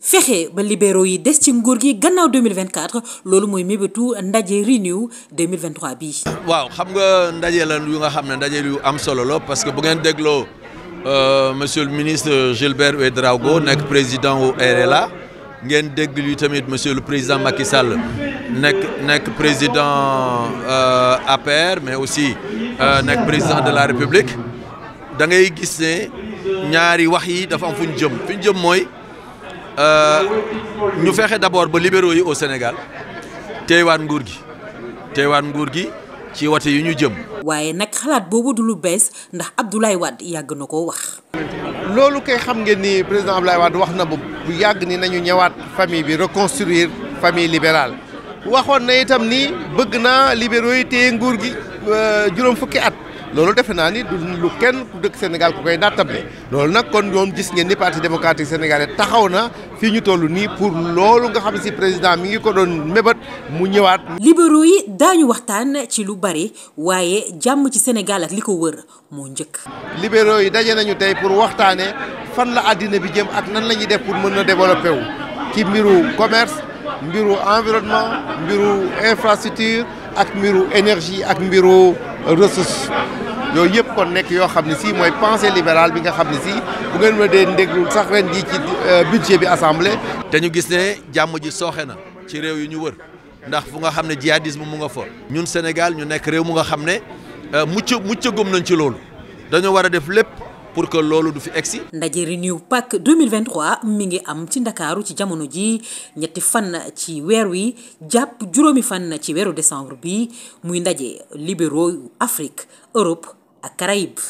fexe ba libéraux yi des ci nguur gi gannaaw 2024 loolu mooy mébétu ndaje Renew 2023 bii. waaw xam nga ndaje la yu nga xam ne ndaje yu am solo la parce que bu ngeen dégloo euh, monsieur le ministre Gilbert Ouedraogo nekk président wu RLA ngeen déglu lu tamit monsieur le président Macky Sall nekk nekk président euh, APR mais aussi euh, nekk président de la République. da ngay gis ne ñaari wax yi dafa am fu ñu jëm fu ñu jëm mooy euh, ñu fexe d'abord ba libéraux yi au Sénégal teewaat nguur gi teewaat nguur gi ci wate yi ñu jëm. waaye nag xalaat boobu du lu bees ndax Abdoulaye Wade yàgg na ko wax. loolu kay xam ngeen ni président Abdoulaye Wade wax na bu yàgg ni nañu ñëwaat famille bi reconstruire famille libérale waxoon na itam ni bëgg naa libéraux yi téye nguur gi euh, juróom fukki at. loolu defe naa ni lu kenn ku dëkk Sénégal ku koy nattable loolu nag kon yoon gis ngeen ni parti démocratique sénégalais taxaw na fii ñu toll nii pour loolu nga xam si président mi ngi ko doon mébat mu ñëwaat. libéraux yi dañu waxtaan ci lu bari waaye jàmm ci Sénégal ak li ko wër moo njëkk. libéraux yi daje nañu tey pour waxtaanee fan la àddina bi jëm ak nan lañuy def pour mën a développer wu ci mbiru commerce mbiru environnement mbiru infrastructure ak mbiru énergie ak mbiru ressource yooyu yëpp kon nekk yoo xam ne si mooy pensée libérale bi nga xam ne si bu ngeen ma dee déglul sax ren ji ci euh, budget bi assemblée. te ñu gis ne jàmm ji sooxe na ci réew yi ñu wër ndax fu nga xam ne jihadisme mu nga fa. ñun Sénégal ñu nekk réew mu nga xam ne euh, mucc mucc gëm nañ ci loolu dañoo war a def lépp. pour que loolu du fi egsi ndaje Renew PAC 2023 mi ngi am ci ndakaaru ci jamono ji ñetti fan ci weer wi jàpp juróomi fan ci weeru décembre bi muy ndaje libéro Afrique Europe ak Caraïbes